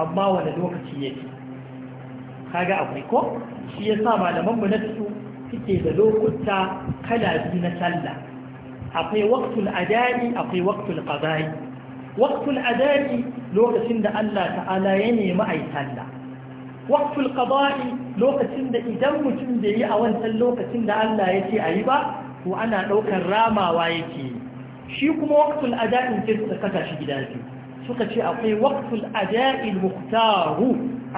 amma wani lokaci yake kaga akwai ko shi ya sa malamanmu na su suke da lokuta kala biyu na sallah akwai waqtul adani akwai waqtul qada'i waqtul adani lokacin da Allah ta'ala ya nemi ai sallah waqtul qada'i lokacin da idan mutum da yi a wancan lokacin da Allah ya ce ayi ba to ana daukar ramawa yake shi kuma waqtul adani sai suka kasa shi gida biyu suka ce akwai waqful ajai muhtaru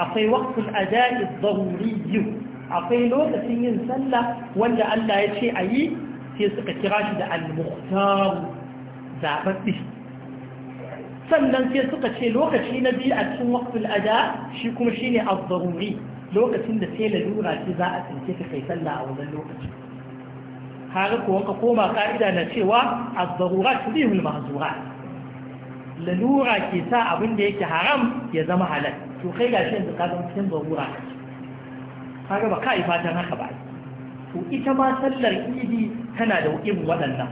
akwai waqful ada'il daruriyyu akwai lokacin yin sallah wanda Allah ya ce yi sai suka kira shi da al-muhtaru sannan sai suka ce lokaci na biyu a cikin waqful ada shi kuma shine ad lokacin da sai lalura ce za a tsinke ka kai sallah a wannan lokaci har ko ka koma ka'ida na cewa ad-darurat tulihul lalura ke sa abin da yake haram ya zama halal to kai ga shi yanzu kazan cikin zarura kaga ba kai fatan haka ba to ita ma sallar idi tana da irin waɗannan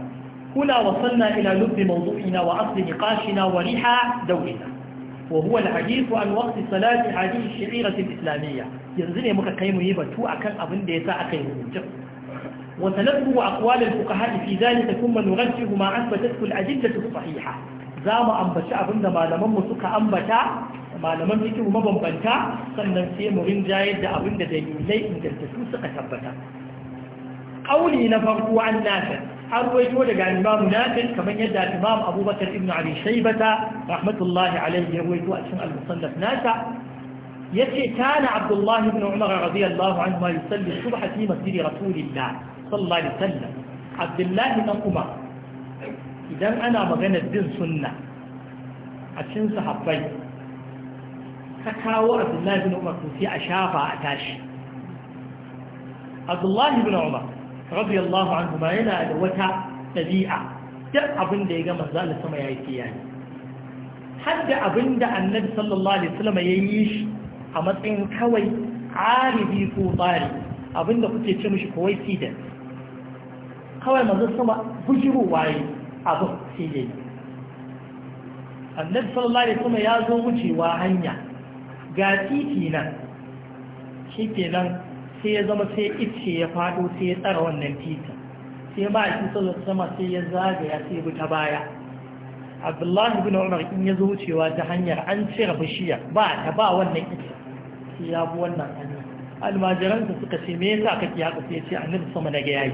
kula wa sanna ila lubbi mawdu'ina wa asli niqashina wa riha dawlina wa huwa al an waqt salati hadith shi'irah islamiyya yanzu ne muka kai mu yi batu akan abin da yasa aka yi hujja وسنذكر أقوال الفقهاء في ذلك ثم نرجح ما أثبتته الأدلة الصحيحة za mu ambaci abin da malamanmu suka ambata malaman fikihu mabambanta sannan sai mu rinjayar da abin da dalilai ingantattu suka tabbata ƙauli na farko an nafi an rawaito daga imamu nafi kamar yadda imam abubakar ibn abi shaibata rahmatullahi alaihi ya rawaito a cikin al-musannaf nasa yace kana abdullahi ibn umar radiyallahu anhu ma yusalli subha fi masjid rasulillah sallallahu alaihi wasallam abdullahi ibn umar idan ana maganar bin sunna a cikin sahabbai ka kawo abdullahi bin umar to sai a shafa a tashi abdullahi bin umar radiyallahu anhu ma yana da wata ɗabi'a duk abin da ya gama manzo Allah sama yayi kiyaye har da abin da annabi sallallahu alaihi wasallam ya yi shi a matsayin kawai aribi ko tsari abin da kuke ce mishi kawai sidan kawai manzo sama bujirowa waye. abu shi ne annab annabi sallallahu alaihi wasallam ya zo wucewa hanya ga titi nan shikenan sai ya zama sai ice ya fado sai ya tsara wannan titi sai ba shi sallallahu sama sai ya zagaya sai ya baya abdullahi ibn umar in ya zo wucewa ta hanyar an cire bishiyar ba ta ba wannan ice sai ya bu wannan hanya su suka ce me yasa kake haka sai ya ce annabi sama na ga yayi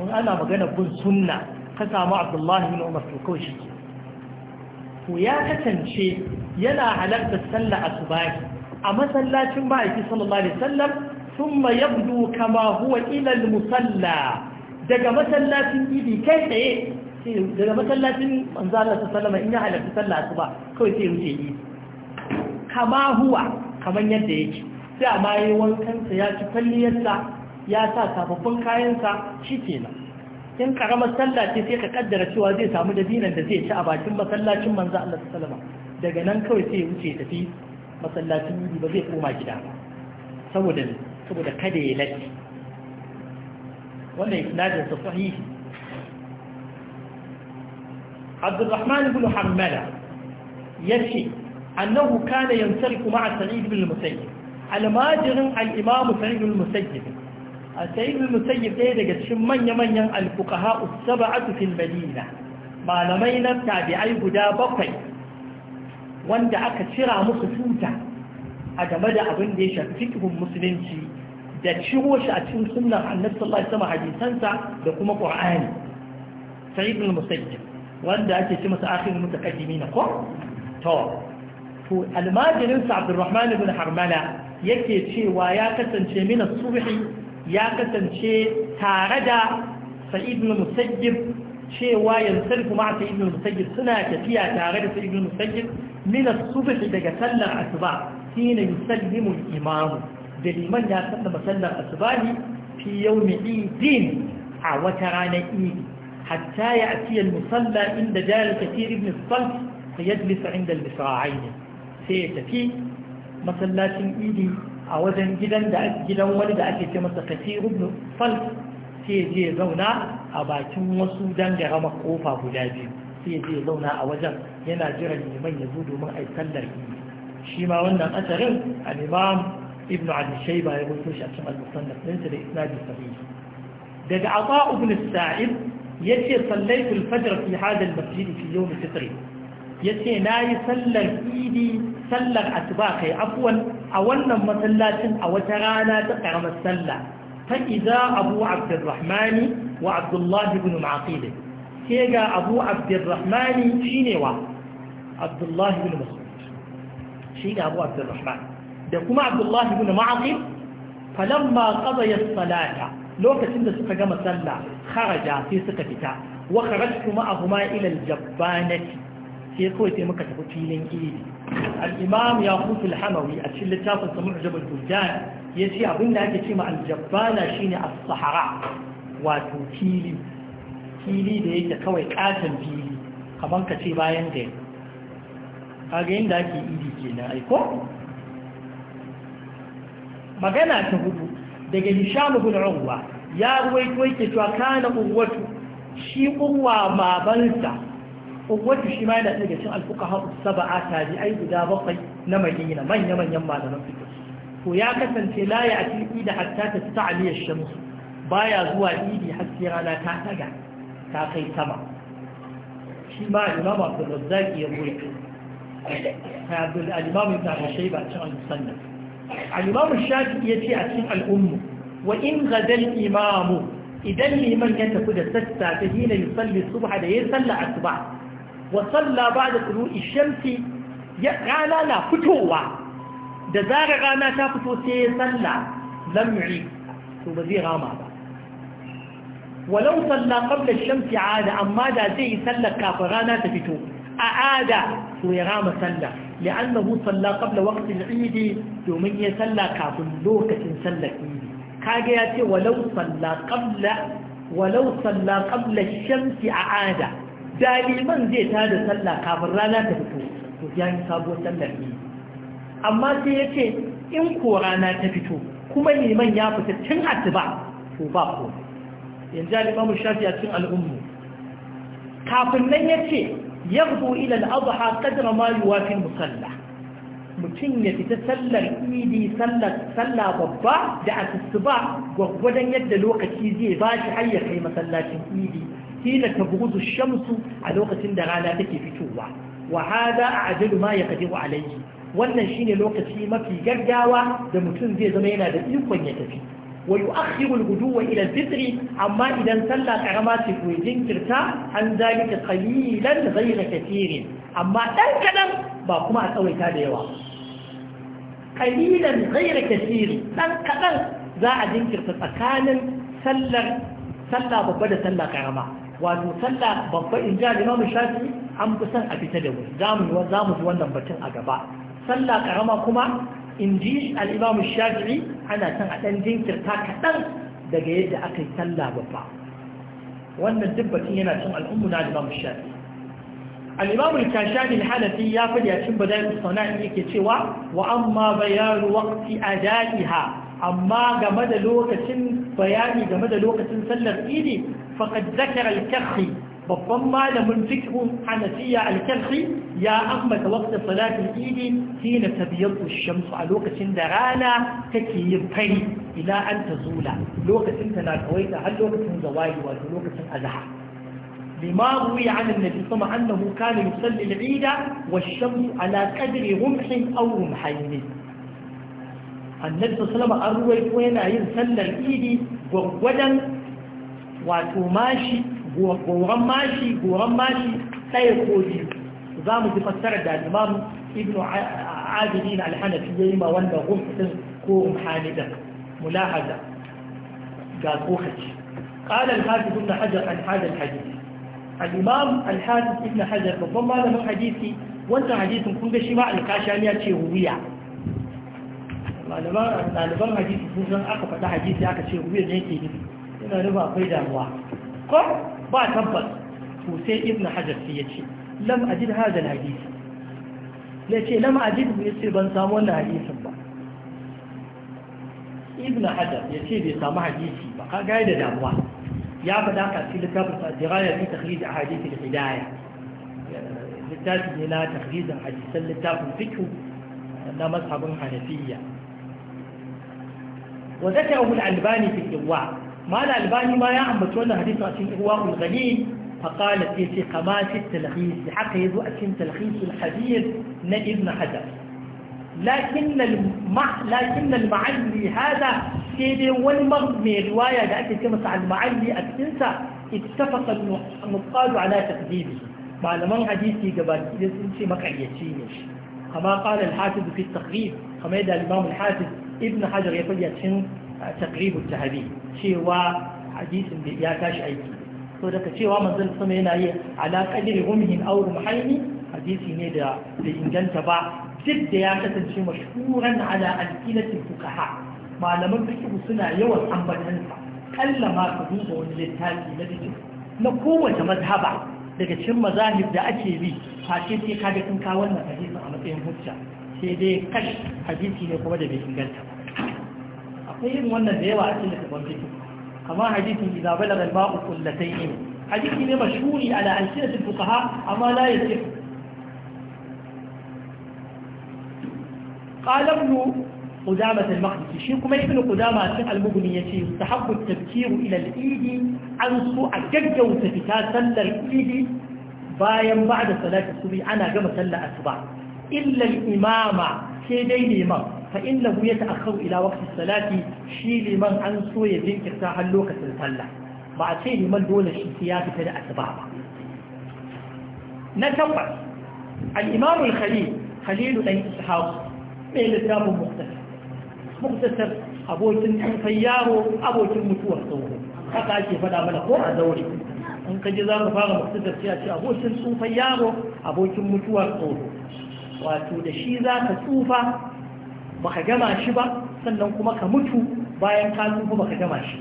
in ana magana bin sunna ka samu abdullahi bin umar to kawai shi to ya kasance yana halartar sallah a asubahi a masallacin ma'aiki sallallahu alaihi wasallam thumma yabdu kama huwa ila musalla daga masallacin idi kai tsaye daga masallacin manzala su sallama in ya halarci sallah su ba kawai sai wuce yi kama huwa kamar yadda yake sai a ma yi wankansa ya ci kwalliyarsa ya sa sababbin kayansa shi kenan in karamar sallah ce sai ka kaddara cewa zai samu dabinan da zai ci a bakin masallacin manzo Allah sallama daga nan kawai sai ya wuce tafi masallacin yi ba zai koma gida ba saboda saboda kada ya latti wannan isnadin sa sahihi Abdurrahman ibn Hammala yace annahu kana yansariku ma'a Sa'id ibn al-Musayyib almajirin al-Imam Sa'id ibn al-Musayyib a sayyidul musayyib ɗaya daga cikin manya-manyan alfuqaha usaba'atu fil madina malamai na tabi'ai guda bakwai wanda aka cira musu tuta a game da abin da ya shafi fiqhun musulunci da ciro shi a cikin sunan annabi sallallahu hadisansa da kuma qur'ani sayyidul musayyib wanda ake ci masa akhirul na ko to to almajirin abdurrahman ibn harmala yake cewa ya kasance mina subhi ya kasance tare da sa'id ibn musayyib cewa yansarfu ma sa'id ibn suna tafiya tare da sa'id ibn min daga sallar asuba hina yusallimu al-imam da liman ya sallama sallar asuba ne fi idin a wata ranar idi hatta ya atiya musalla inda jari kathir ibn salt yadda yajlis inda al-misra'ain sai ya tafi masallacin idi a wajen gidan da gidan wani da ake ce masa kasir ibn fal ke je zauna a bakin wasu dangarama kofa guda biyu sai je zauna a wajen yana jiran neman ya zo domin a sallar shi ma wannan asarin Alimam imam ibn abi ya rubuto shi a cikin al ɗinsa da isnadi sahih daga ata ibn sa'id yace sallaitu al-fajr fi hada masjid fi ya ce na yi sallar idi sallar asuba kai afuwan a wannan masallacin a wata rana ta karamar salla ta iza abu abdurrahmani wa abdullahi ibn ma'aqil sai ga abu abdurrahmani shine wa abdullahi ibn mas'ud shi ga abu abdurrahman da kuma abdullahi ibn ma'aqil falamma qadaya salata lokacin da suka gama sallah kharaja sai suka fita wa kharajtu ma'ahuma ila al sai kawai sai maka tafi filin idi al-imam ya kutu hamawi a cikin littafin sa mu'jabul buldan ya ce abin da ake ce ma al-jabbala shine as-sahara wato fili fili da yake kawai katon fili kamar ka ce bayan gari kaga yadda ake idi kenan aiko magana ta hudu daga hisham ruwa ya ruwaito yake cewa kana urwatu shi urwa babansa uwatu shi ma yana daga cikin alfuqaha sab'a tabi'ai guda bakwai na Madina manya manyan malaman fiqh to ya kasance la ya ati da hatta ta ta'ali ash-shams baya zuwa idi har sai rana ta taga ta kai sama shi ma Imam Abdul Razzaq ya ruwaito Abdul Al-Imam Ibn Abi Shayba cikin al-Musannaf Al-Imam Shafi'i yace a cikin al-Umm wa in ghadal imamu idan liman ya tafi da sassa ta hina yusalli subha da ya salla asbah wa ba da tulu'i shamsi ya rana na fitowa da zarar rana ta fito sai ya salla lam to ba zai rama ba walau salla qabla shamsi shamsi ada amma da zai yi sallar kafin rana ta fito a ada to ya rama salla li'annahu salla kabla waqti al-eid domin ya salla kafin lokacin sallar eid kage ya ce walau salla qabla walau salla shamsi ada da zai ta da sallah kafin rana ta fito to ya yi sabuwar sallar ne amma sai ya ce in ko rana ta fito kuma neman ya fita tun asuba to ba ko yanzu alimamu shafi a cikin al'ummu kafin nan ya ce ilal ila al'adha qadra ma yuwafi musalla mutum ya fita sallar idi sallar salla babba da asuba gwaggwadon yadda lokaci zai ba shi har ya kai masallacin idi hina tabruzu shamsu a lokacin da rana take fitowa wa hada ajalu ma yaqdiru alayhi wannan shine lokaci mafi gaggawa da mutum zai zama yana da ikon ya tafi wa yu'akhiru al-ghuduwa ila al-fitr amma idan sallah karama ce ko jinkirta an zalika qalilan ghayra kathirin amma dan kadan ba kuma a tsawaita da yawa qalilan ghayra kathiri dan kadan za a jinkirta tsakanin sallar sallah babba da sallah karama wato sallah babba in ja limamu shafi an fi son a fita da wuri za mu za mu wannan batun a gaba sallah karama kuma in ji al'imamu ana son a ɗan jinkirta kaɗan daga yadda aka yi sallah babba wannan duk batun yana cin al'ummu na al'imamu shafi'i al'imamu kashani hanafi ya faɗi a cin bada'i sana'i yake cewa wa amma bayanu waqti adaiha amma game da lokacin bayani game da lokacin sallar idi فقد ذكر الكرخي فصمى لم الفكر حنسية الكرخي يا أحمد وقت صلاة الإيد حين تبيض الشمس على لوقة سندرانا تكيبتي إلى أن تزول لوقة سندرانا كويتا هل لوقة سندوائي وهل لوقة سندرانا لما روي عن النبي صلى الله عليه وسلم كان يصلي العيد والشمس على قدر رمح أو رمحين النبي صلى الله عليه وسلم أروي وين أين صلى الإيد وقدم wato mashi goron mashi goron mashi ɗaya ko biyu za mu ji fassarar da imam ibn abidin alhanafi ya yi ma wanda gumfin ko umhanida mulahaza ga tsohaci قال الحافظ ابن حجر عن هذا الحديث الإمام الحافظ ابن حجر ربما هذا من حديثي وانت حديث كل شيء مع الكاشانية ɗaliban hadisi sun san aka faɗa hadisi aka ce wuya ne ke nufi suna nufa akwai damuwa ko ba tabbas to sai ibn hajar sai ya ce lam ajid hadal hadisi ya ce lam ajid ya sai ban samu wannan hadisin ba ibn hajar ya ce bai samu hadisi ba ka gaya da damuwa ya faɗa ka cikin littafin sa diraya fi takhrij ahadith al-hidayah littafin ne na takhrijin hadisan littafin fiqh na mazhabin hanafiyya وذكره الألباني في الإغواء ما الألباني ما ya ambaci حديث hadisi a الغني فقال في كما التلخيص بحق يزوء في تلخيص الحديث لابن حجر لكن المع... لكن المعلي هذا سيدي والمغ من رواية جاءت كما عن المعلي التنسى اتفق النقاد على تقديمه مع معلما حديثي قبل يسنشي مقعيتينش كما قال الحافظ في التقريب كما يدى الإمام الحافظ ابن حجر يقول يتشن ta tahabi cewa hadisin da ya tashi aiki to daga cewa manzon sama yana yi ala qadri umhin aw ruhaini hadisi ne da da inganta ba duk da ya kasance mashhuran ala alqilati fuqaha malaman fiqh suna yawan ambatansa kalla ma ka duba wani littafi na fiqh na kowace mazhaba daga cikin mazahib da ake bi face sai ka ga kun kawo wannan hadisi a matsayin hujja sai dai kash hadisi ne kuma da bai inganta ba sai irin wannan da yawa a cikin littafin fiqh kama hadisin idza balagha al-ma'u qullatayn hadisi ne mashhuri ala al-sinat al-fuqaha amma la yasih qala ibn قدامة المقدسي شيخ ما يقول قدامة المغني يشي يستحق التبكير إلى الإيد عن سوء جدو تفتا سلة الإيد باين بعد صلاة الصبح أنا قم سلة أتبع إلا الإمامة شيء دي الإمام فإنه يتأخر إلى وقت الصلاة شيء لمن أنسو يجنك ساحا اللوكة الفلة بعد شيء لمن دون الشيطيات فلا أسبابا نتبع الإمام الخليل خليل أي إسحاب من الإسلام المختلف مختصر أبو تنحن فياره أبو تنمتوه صوره حتى أجي فلا ملكو أدوري إن كجزار فاغ مختصر سياسي أبو تنحن فياره أبو تنمتوه صوره واتو دشيزا تسوفا baka gama shi ba sannan kuma ka mutu bayan ka tsufa baka gama shi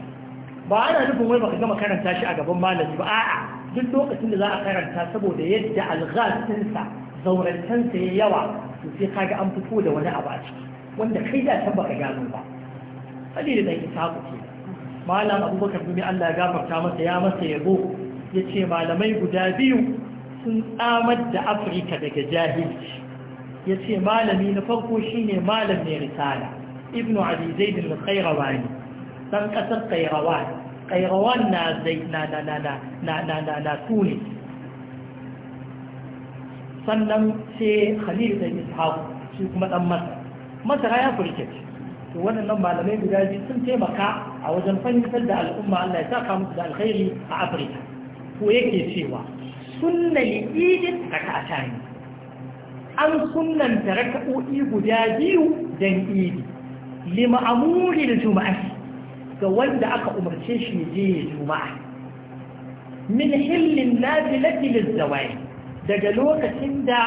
ba ana nufin wai baka gama karanta shi a gaban malami ba a'a duk lokacin da za a karanta saboda yadda alghasinsa zaurantansa ya yawa to sai kaga an fito da wani abu a ciki wanda kai da can baka gano ba hadisi da ke ku ce malam abubakar bin Allah ya gafarta masa ya masa yabo ce malamai guda biyu sun tsamar da Afirka daga jahilci ya ce malami na farko shi ne malam mai risala ibn abi zaidin Kairawa ne ɗan ƙasar kairawa kairawan na zai na na na na na na na na tuni sannan sai khalil da ishaku shi kuma ɗan masar masara ya to waɗannan malamai guda biyu sun taimaka a wajen fahimtar da al'umma Allah ya saka musu da alkhairi a Afirka ko yake cewa sunna liqidin rak'atani an sunanta raka'o'i guda biyu dan idi lima'amuri da juma'a ga wanda aka umarce shi je ya juma'a min hillin nazilati lizzawai daga lokacin da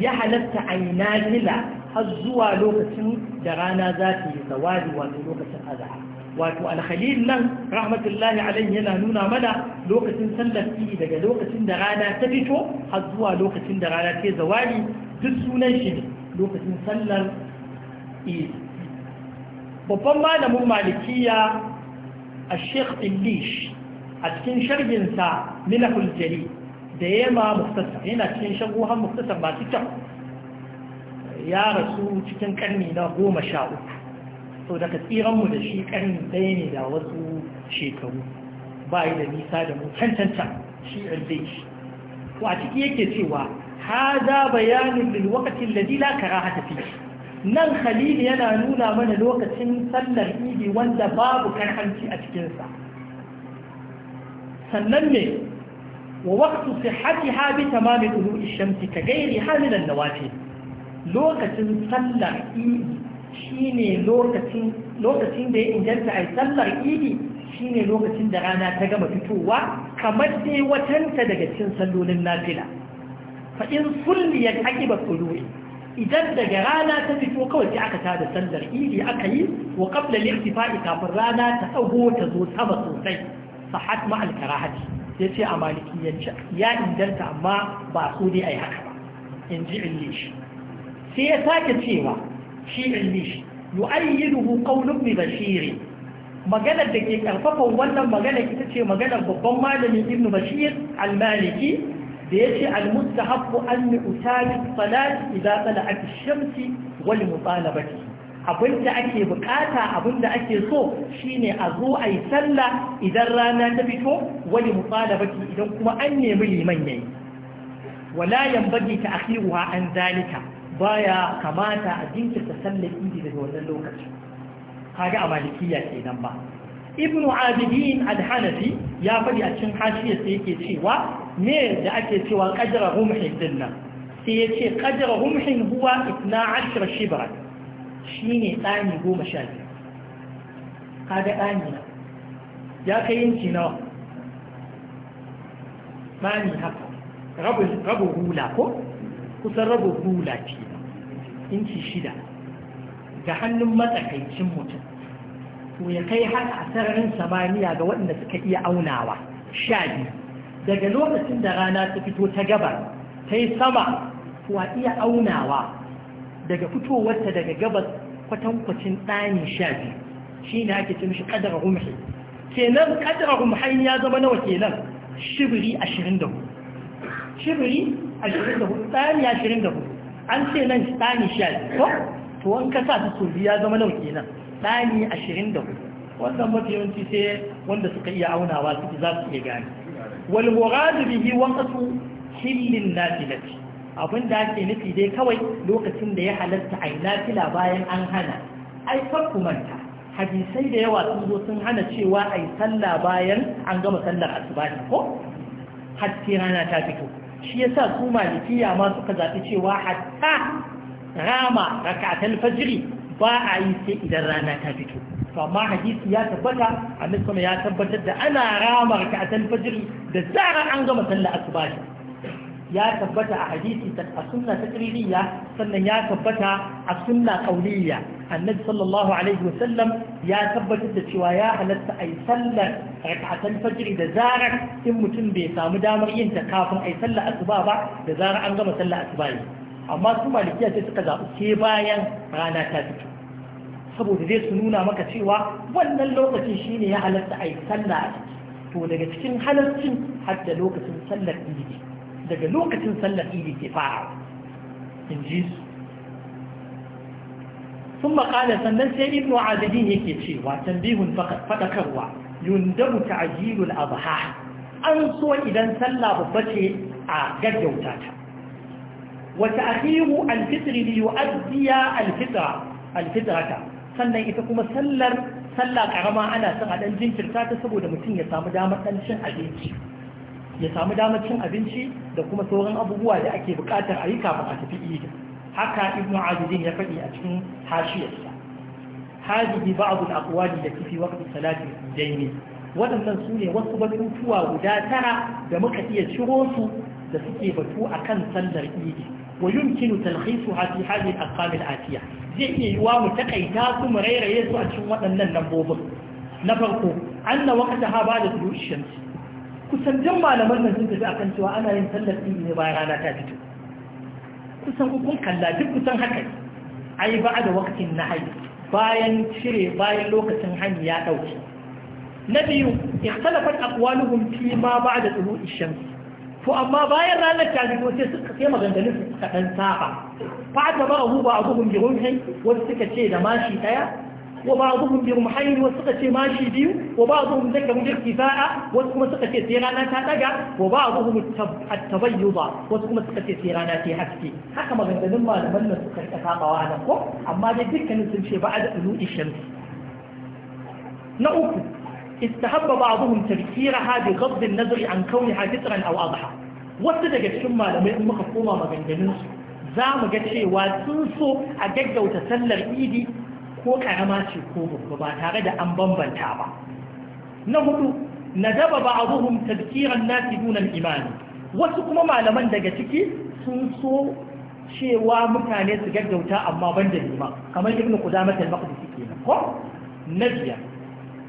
ya halatta a yi nazila har zuwa lokacin da rana za ta yi zawali wato lokacin azhar wato alhalil nan rahmatullahi alayhi yana nuna mana lokacin sallar daga lokacin da rana ta fito har zuwa lokacin da rana ta zawali duk sunan shi ne lokacin sallar Eid, babban malamin malikiya a sheikh illish a cikin sharginsa milahul jari da ya ma muktasa yana cikin shagohan muktasa masu kyau ya rasu cikin karni na goma sha uku so daga tsiranmu da shi karni ɗaya ne da wasu shekaru ba yi da nisa da mu cancanta shi illish to a ciki yake cewa haza bayanin lil da alladhi la karahata fihi nan khalil yana nuna mana lokacin sallar idi wanda babu karhanci a cikin sa sannan ne wa waqtu sihhatiha bi tamam tulu'i shamsi ka gairi hamilan nawafil lokacin sallar idi shine lokacin lokacin da ya inganta ai sallar idi shine lokacin da rana ta gama fitowa kamar dai watanta daga cikin sallolin nafila fa in kulliyat aqiba tulu'i idan daga rana ta fito kawai sai aka tada sandar idi aka yi wa qabla al kafin rana ta dago ta zo sama sosai sahat ma al Ya ce a malikiyyanci ya inganta amma ba su dai yi haka ba in ji illish sai ya sake cewa shi illish yu'ayyiduhu qawlu ibn bashir maganar da ke karfafa wannan maganar ita ce maganar babban malamin ibn bashir al-maliki da yace al-mustahabbu an utali salat idza tala'at ash-shamsi wal mutalabati abinda ake bukata abinda ake so shine a zo ayi sallah idan rana ta fito wal baki idan kuma an nemi liman yayi wala ta ta'khiruha an zalika baya kamata a jinkirta sallar idi daga wannan lokaci kaga a malikiya kenan ba ibn abidin al-hanafi ya faɗi a cikin hashiya sai yake cewa me da ake cewa qadra rumhin dinnan sai yace qadra rumhin huwa 12 shibra shine tsani 12 kaga tsani na ya kai inci nawa tsani haka rabu rabu hula ko kusan rabu hula ce inci shida ga hannun matsakaicin mutum to ya kai har a sararin samaniya ga waɗanda suka iya aunawa sha daga lokacin da rana ta fito ta gabar ta yi sama to a iya aunawa daga fitowarta daga gabas kwatankwacin ɗani sha biyu shi ne ake cin shi ƙadara rumhi kenan ƙadar rumhi ya zama nawa kenan shibiri ashirin da hudu shibiri ashirin da hudu ɗani ashirin da hudu an ce nan ɗani sha biyu to wanka sa ta ya zama nau kenan ɗani ashirin da hudu wannan mafi yawanci sai wanda suka iya aunawa suke za su iya gani wal da bihi waqtu hillin nafilati abin da ake nufi dai kawai lokacin da ya halatta ina nafila bayan an hana ai farko manta hadisai da yawa sun zo sun hana cewa ai sallah bayan an gama sallar ne ko hatta rana ta fito shi yasa su malikiya ma suka zaɓi cewa hatta rama raka'atul fajiri ba a yi sai idan rana ta fito to amma hadisi ya tabbata annabi kuma ya tabbatar da ana rama raka'atul fajiri da zarar an gama sallar asuba ya tabbata a hadisi a sunna takririya sannan ya tabbata a sunna kauliya annabi sallallahu alaihi wa sallam ya tabbatar da cewa ya halatta ai sallar rak'atan fajiri da zarar in mutum bai samu damar yin ta kafin ai sallar asuba ba da zarar an gama sallar asuba amma su malikiya sai suka zaɓi ke bayan rana ta fito saboda zai su nuna maka cewa wannan lokacin shine ya halatta a yi sallah a ciki to daga cikin halarcin har da lokacin sallar idi daga lokacin sallar idi ke fara in ji su sun makana sannan sai ibnu adadin yake cewa tambihun faɗakarwa yundabu ta'jilul abha an so idan sallah babba ce a gaggauta ta وتأخير الفطر ليؤدي الفطرة الفطرة sannan ita kuma sallar sallah karama ana son a dan jinkirta ta saboda mutum ya samu damar dan cin abinci ya samu damar cin abinci da kuma sauran abubuwa da ake bukatar a yi a tafi idi haka ibnu azizin ya faɗi a cikin hashiyarsa hadihi ba'd al-aqwali da fi waqti salati al-jaini waɗannan su ne wasu batutuwa guda tara da muka iya ciro su da suke batu akan sallar idi ويمكن تلخيصها في هذه الأرقام الآتية زي يوام تقيتاكم غير يسوع شوة أن النبوب نفرق أن وقتها بعد طلوع الشمس كسن جمع لمن كنت في أكن سوى أنا ينسلت إني بايرانا تابتو كسن كن كلا دب كسن هكذا أي بعد وقت النهي باين شري باين لوك سنحن يا أوتي نبي اختلفت أقوالهم فيما بعد طلوع الشمس to amma bayan ranar ta biyo sai suka sai maganganun su suka dan saba fata ba hu ba abuhum bi rumhin wasu suka ce da mashi daya wa ba abuhum bi rumhain wasu suka ce mashi biyu wa ba abuhum zaka mu irtifa'a wasu kuma suka ce sai rana ta daga wa ba abuhum at-tabayyuba wasu kuma suka ce sai rana ta haske haka maganganun malaman nan suka rika sabawa nan ko amma dai dukkanin sun ce ba a da ulu ishams na uku istahabba ba'dhum tafsiraha bi ghadd an-nazr an kawniha fitran aw adha wasu daga cikin malamai in muka koma maganganun su za mu ga cewa sun so a gaggauta sallar idi ko karama ce ko babba ba tare da an bambanta ba na hudu nadaba ba tadhkiran nasi duna al wasu kuma malaman daga ciki sun so cewa mutane su gaggauta amma ban da lima kamar ibn qudamah al-maqdisi kenan ko na biyar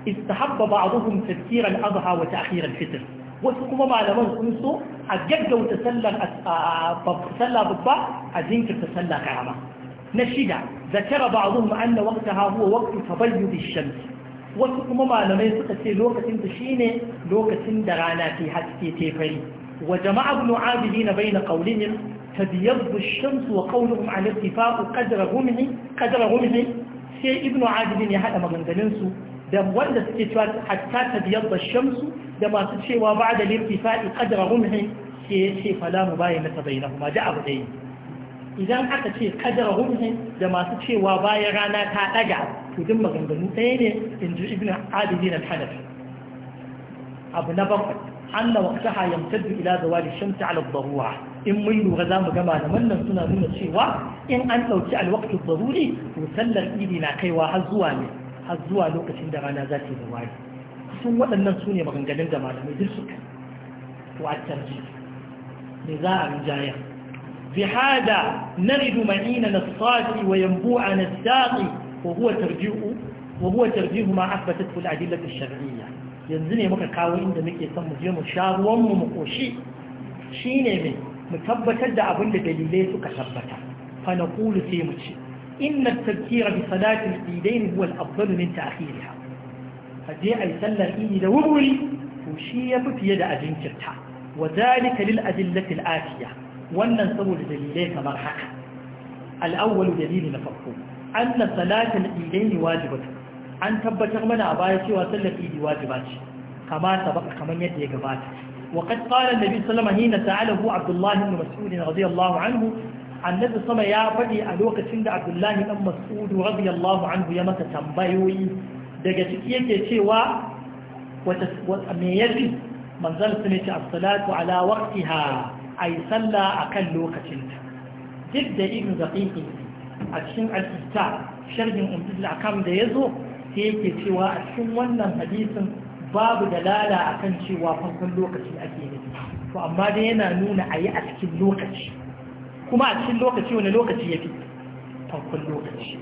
istahabba ba'dhum tadhkir al-adha wa ta'khir al-fitr wasu kuma malaman sun so a gaggauta sallar sallah babba a jinkirta sallah karama na shida zakara ba'dhum anna waqtaha huwa waqtu tabayyud ash-shams wasu kuma malamai suka ce lokacin da shine lokacin da rana ta haske ta fari wa jama'a ibn abidin bayna qawlihim تبيض wa وقولهم على اتفاق قدر غمه قدر غمه sai ibnu adilin ya hada maganganunsu da wanda suke cewa hatta ta biyar da shamsu da masu cewa ba da lirtifa'i kadara rumhin ke ya ce fala mu bayan na tabai kuma da abu ɗaya idan aka ce kadara rumhin da masu cewa bayan rana ta ɗaga to duk maganganu ɗaya ne in ji ibn adilin na hanafi abu na bakwai anna waqtaha yamtaddu ila zawali shamsi ala ad in mun lura za mu gama da wannan suna nuna cewa in an ɗauki alwaqtu baruri to sallar idi na kaiwa har zuwa ne har zuwa lokacin da rana za ta yi da waye sun waɗannan su ne maganganun da malamai duk suka wacar ji ne za a rinjaya bi hada na ridu ma'ina na sati wa yambu a na sati wa huwa tarji'u ma haka ta tuli shari'a yanzu ne muka kawo inda muke son mu je mu sha ruwanmu mu koshi shi ne mai mu tabbatar da abin da dalilai suka tabbata fa na kulu sai mu ce إن التذكير بصلاة الإيدين هو الأفضل من تأخيرها فجاء يسلى الإيد دوري وشي في يد أجنكرتها وذلك للأدلة الآتية وننصب الدليلين كما حكى الأول دليل نفقه أن صلاة الإيدين واجبة أن تبتغ من أبايتي وصلى الإيد واجبات كما سبق كما يدي قبات وقد قال النبي صلى الله عليه وسلم حين سأله عبد الله بن مسعود رضي الله عنه annabi sama ya faɗi a lokacin da abdullahi ɗan mas'udu radiyallahu anhu ya masa tambayoyi daga ciki yake cewa me ya fi manzal su ne ce assalatu ala waqtiha ay salla akan lokacinta duk da ibn zaqiqi a cikin al-ista sharhin umdul akam da yazo sai yake cewa a cikin wannan hadisin babu dalala akan cewa farkon lokaci ake nufi to amma dai yana nuna ayi a cikin lokaci kuma a cikin lokaci wani lokaci ya fi farkon lokaci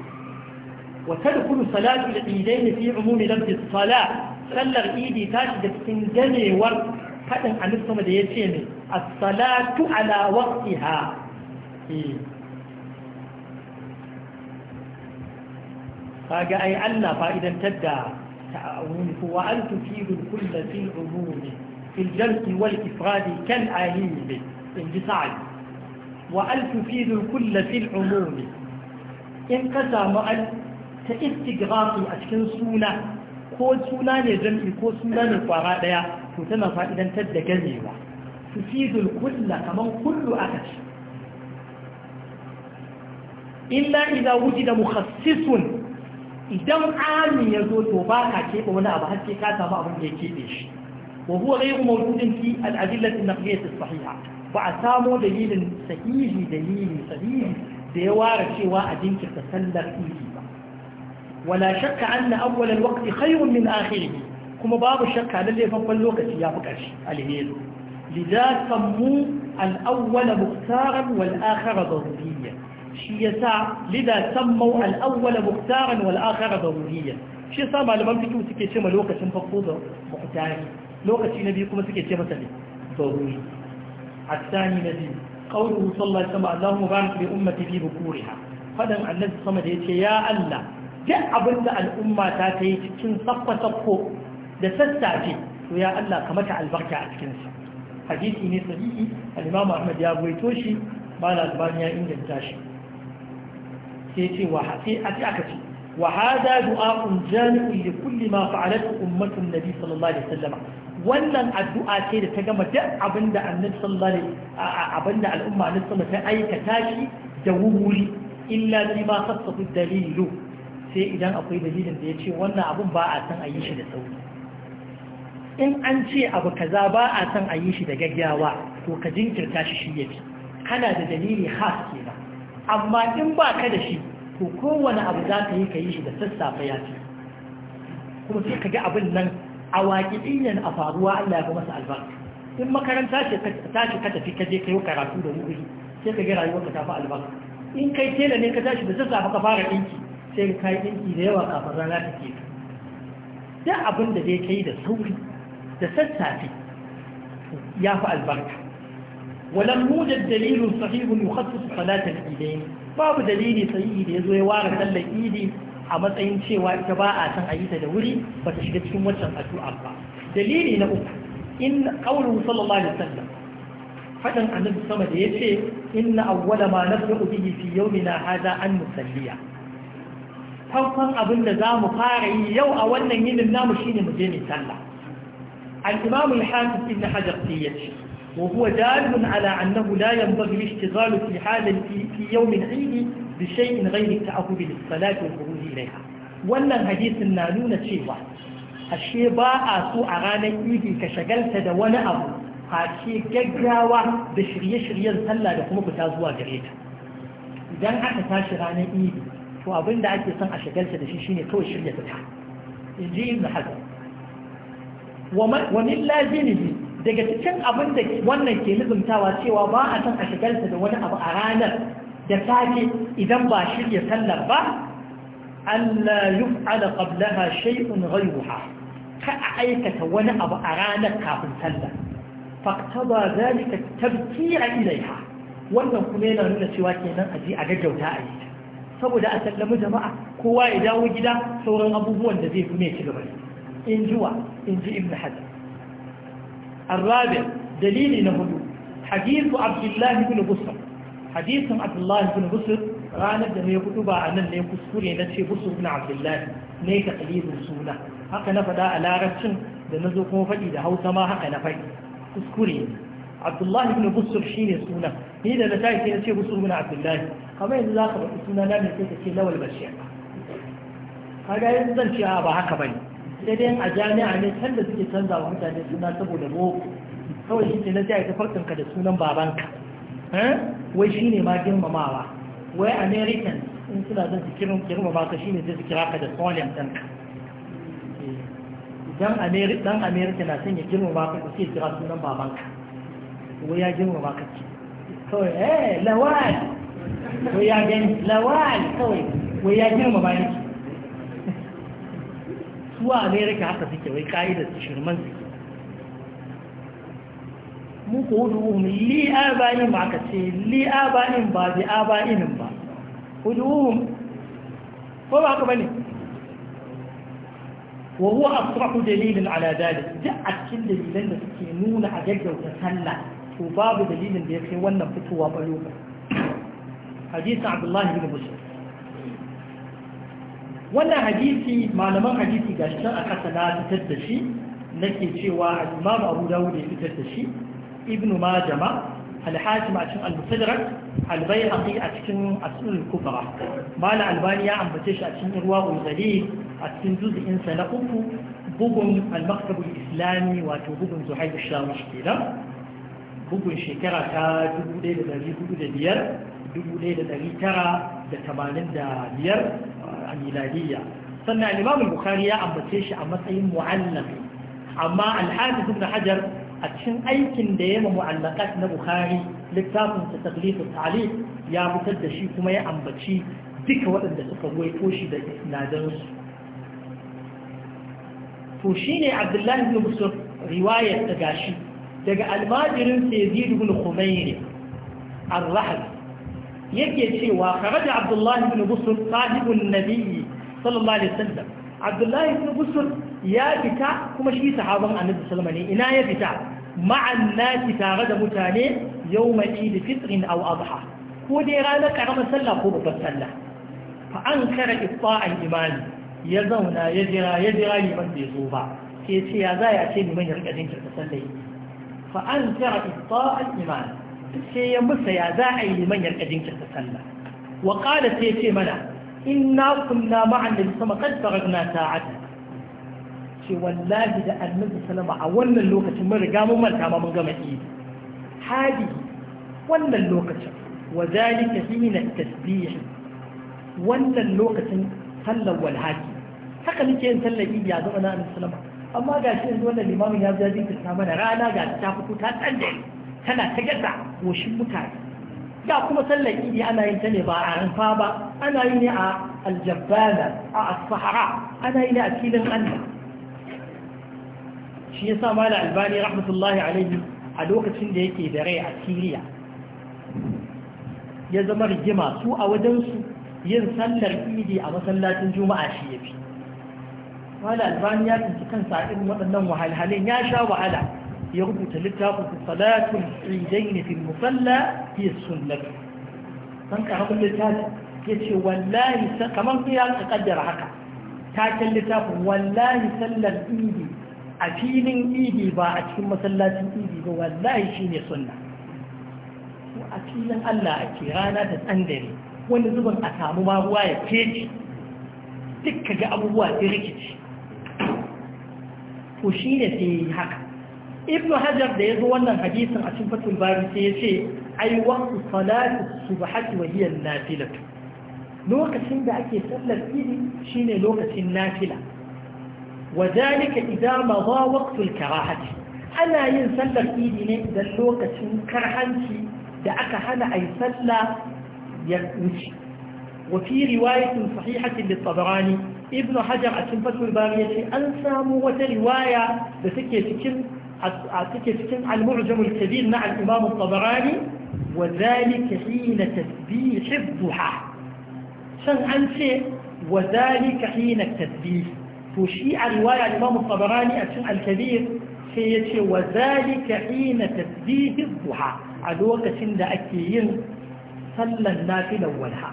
وتدخل صلاة العيدين في عموم لفظ الصلاة صلى العيدي تاشد تنجمي ورد حتى أنفسهم دي يتيمي الصلاة على وقتها فقا أي ألا فإذا امتد تعاون وأن تفيد الكل في العموم في الجمع والإفراد كالعهيم إن وأل تفيد in في العموم إن قسم istigrafi a cikin suna ko suna ne jam'i ko suna ne kwara ɗaya to tana fa'idantar da ganewa su fizul kulla kamar kullu aka ce illa iza wuji da mukhassisun idan ami ya zo to ba ka keɓe wani abu har sai ka samu abin da ya keɓe shi wa huwa ghayru mawjudin fi al-adillati an as-sahiha ba a samo dalilin sahihi dalili sahihi da ya ware cewa a jinkirta sallar idi ba wala shakka anna awwalal waqti khayrun min akhirih kuma babu shakka lalle farkon lokaci ya fi ƙarshe alheri لذا سموا الأول مختارا والآخر ضروريا شي يسع لذا سموا الأول مختارا والآخر ضروريا شي يسع معلمان فتو سكي شما لوكا شنفقوضا مختاري لوكا شي نبيكم سكي شما سلي ضروري الثاني نبي قوله صلى الله عليه وسلم اللهم بارك da في بكورها فدم الذي صمد يتي يا الله duk abin da al'umma ta ta yi cikin sakwa-sakko da sassafe to ya Allah ka mata albarka a cikinsa hadisi ne sahihi al Ahmad ya goyito shi ba la ya inganta shi sai ce wa sai aka ce وهذا دعاء جامع لكل ما فعلته أمة النبي صلى الله عليه وسلم wannan addu'a ce da ta gama duk abinda annabi sallallahu abinda al'umma annabi sallallahu ta aikata shi da wuri illa bi ma fasahu dalilu sai idan akwai dalilin da yace wannan abun ba a san ayi shi da sauri in an ce abu kaza ba a san ayi shi da gaggawa to ka jinkirta shi shi yafi kana da dalili khas kenan amma in ba ka da shi to kowane abu za ka yi ka yi shi da sassafe ya ce kuma sai ka ga abin nan a waƙi waƙiɗiyan a faruwa Allah ya fi masa albarka in makaranta ce tashi ka tafi ka je ka yi karatu da wuri sai ka ga rayuwarka ta fi albarka in kai tela ne ka tashi da sassafe ka fara ɗinki sai ka yi ɗinki da yawa kafin rana ta ke duk abin da dai ka da sauri da sassafe ya fi albarka ولم يوجد دليل صحيح يخصص صلاة العيدين babu dalili sahihi da ya zo ya ware sallar idi a matsayin cewa ita ba a san ta da wuri ba ta shiga cikin waccan addu'a ba dalili na uku in qawluhu sallallahu alaihi wasallam fadan annabi sama da yace inna awwala ma nabda'u bihi fi yawmina hadha an musalliya farkon abin da za mu fara yi yau a wannan yinin namu shine mu je ne sallah al-imam al-hafiz ibn hajar yace وهو دال على أنه لا ينبغي الاشتغال في حال في, da يوم العيد بشيء غير التعهد للصلاة والخروج إليها wannan hadisin na nuna cewa ashe ba a so a ranar idi ka shagalta da wani abu face gaggawa da shirye-shiryen sallah da kuma fita zuwa gare ta idan aka tashi ranar idi to abinda ake san a shagalta da shi shine kawai shirya fita in ji yin wa min lazimi daga cikin abin da wannan ke nufin cewa ba a san a shigarsa da wani abu a ranar da safe idan ba shirya sallar ba Allah yuf'ala qablaha shay'un ghayruha ka a aikata wani abu a ranar kafin sallar ka zalika a ilaiha wannan kuma yana nuna cewa kenan aje a gaggauta a yi saboda a sallamu jama'a kowa ya dawo gida sauran abubuwan da zai fi mai ci gaba in jiwa in ji ibn hajar الرابع دليل نهدو حديث عبد الله بن بصر حديث عبد الله بن بصر ranar da mai kudu ba a nan ne kuskure na ce busu na abdullahi ne ka kalibin suna haka na faɗa a larabcin da na kuma faɗi da hausa ma haka na faɗi kuskure abdullahi ibn busur shi suna ni da na tashi sai na ce busur abdullahi kamar ka suna na ne sai yanzu zan ce a ba haka ne. sai dai a jami'a ne can da suke canza wa mutane suna saboda boko kawai shi ne na sai ta farkanka da sunan babanka eh? wai shi ne ma girmamawa wai american in suna zan su girmama ka shi ne zai su kira ka da solim ɗanka idan eh. dan america na son ya girmama ka sai kira sunan babanka wai ya girmama ka ce kawai eh lawal wai ya gani lawal kawai wai ya girmama ne zuwa amerika haka suke wai ka'idar su shirman suke mu ko huduhum li aba'in ba ka ce li aba'in ba bi aba'inin ba huduhum ko ba ka bane wa huwa asrahu dalilin ala dalik duk a dalilan da suke nuna a gaggauta sallah to babu dalilin da ya kai wannan fitowa ba lokacin hadisin abdullahi bin musulun wannan hadisi malaman hadisi ga shi a kasa na fitar da shi nake cewa imam abu dawud ya fitar da shi ibnu majama al a cikin al-mustadrak al a cikin asul kubra mala albani ya ambace shi a cikin ruwa ulzali a cikin juz'in sa na uku bugun al islami wato bugun zuhaib al-shamish kenan bugun shekara ta 1405 1985 miladiyya sannan limamin bukhari ya ambace shi a matsayin mu'allaq amma al ibn hajar a cikin aikin da ya ma na bukhari littafin sa taglifu ta'liq ya fitar da shi kuma ya ambaci duka waɗanda suka waito shi da isnadansu to shine abdullahi ibn busur riwayar ta gashi daga almajirin sayyid ibn khumayri ar-rahbi yake cewa kharaja abdullahi ibn busr sahibun nabiyyi sallallahu alaihi wasallam abdullahi ibn busr ya fita kuma shi sahaban annabi sallallahu alaihi ina ya fita ma'an nasi tare da mutane yawma idi fitrin aw adha ko dai ranar karamar sallah ko babbar sallah fa an kara ifa'an imani ya zauna ya jira ya jira liman bai zo ba sai ce ya za ya ce liman ya rika jinkirta sallah fa an kara ifa'an imani sai ya musa ya za a yi manyan yarka jinkirta sallah wa qala sai ce mana ina kunna ma'an nabi sama qad faragna ta'ata ce wallahi da annabi sallama a wannan lokacin mun riga mun manta ma mun gama idi hadi wannan lokacin wa zalika hina tasbih wannan lokacin sallar walhaki haka nake yin sallar idi ya zama na annabi sallama amma ga shi yanzu wannan limamin ya ji ta mana rana ga ta fito ta tsandare tana ta gaza goshin mutane da kuma sallar idi ana yin ta ne ba a rumfa ba ana yi ne a aljabbala a asfahara ana yi ne a filin allah shi ya sa mala albani rahmatullahi alaihi a lokacin da yake da rai a siriya ya zama rigima su a wajensu yin sallar idi a masallacin juma'a shi ya fi mala albani ya tunci kansa irin waɗannan wahalhalin ya sha wahala ya rubuta littafin salatun rijai ne fi musalla fi sunnah san karamin littafin ya ce wallahi kamar ya kaddara haka taken littafin wallahi sallar idi a filin idi ba a cikin masallacin idi ba wallahi shi ne sunna a filin allah ake rana da tsandare wani zubin a samu ma ruwa ya fece duk ga abubuwa ya rikici ko shi ne sai haka ibnu hajar da ya zo wannan hadisin a cikin fatul bari sai ya ce ai waqtu salati subhati wa hiya nafilatu lokacin da ake sallar idi shine lokacin nafila wa zalika idza madha waqtu al-karahati ana yin sallar idi ne idan lokacin karhanci da aka hana ai salla ya wuce wa fi riwayatin sahihatin lit ibnu hajar a cikin fatul bari ya ce an samu wata riwaya da take cikin أتكتكم المعجم الكبير مع الإمام الطبراني وذلك حين تسبيح الضحى شن شيء وذلك حين التسبيح تشيع رواية الإمام الطبراني أتشن الكبير شيء وذلك حين تسبيح الضحى الوقت عند لأكيين صلى النافل أولها